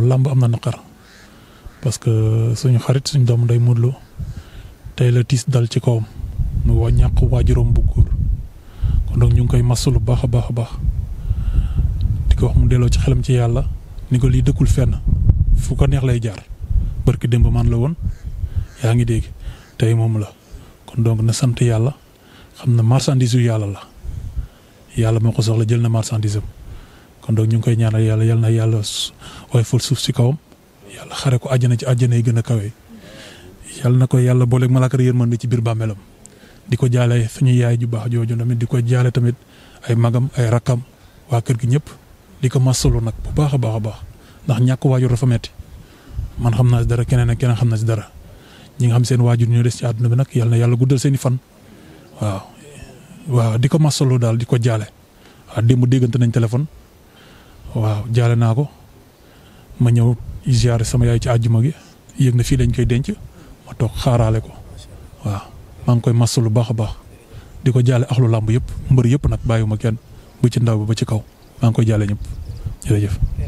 waaw lamb am na naqar parce que suñu xarit suñu doom day mudlu tey la tis dal ci kawam mu wa ñàkk waajuram bu góor kon donc ñu koy bu baax baax baax di ko wax mu delloo ci xelam ci yàlla ni ko lii dëkkul fenn fu ko neex lay jaar barki démb man la woon yaa ngi dégg tey moom la kon donc na sant yàlla xam marchandise yu yàlla la yàlla moo soxla jël na marchandise kon donc ñu ngi koy ñaanal yàlla yal na yàlla way suuf si kawam yàlla xare ko àjjana ci àjjana yi gën a kawe yal na ko yàlla booleeg malaaka yërmande ci biir bàmmeelam di ko jaale suñu yaay ju baax jooju tamit di ko jaale tamit ay magam ay rakkam waa kër gi ñëpp di ko masalu nag bu baax a baax a baax ndax ñàkk waajur dafa metti man xam naa si dara keneen ak keneen xam na si dara ñi nga xam seen waajur ñoo des ci àdduna bi nag yàlla guddal seen i fan waaw di ko masalu daal di ko jaale waaw démb déggante nañ téléphone waaw jaale naa ko ma ñëw genre sama yaay ci àjjuma gi yëg na fii lañ koy denc ma toog xaaraale ko waaw maa ngi koy masu lu baax a baax di ko jaale axlu làmb yëpp mbër yëpp nag bàyyiwuma kenn bu ci ndaw bi ba ci kaw maa koy jaale ñëpp jërëjëf.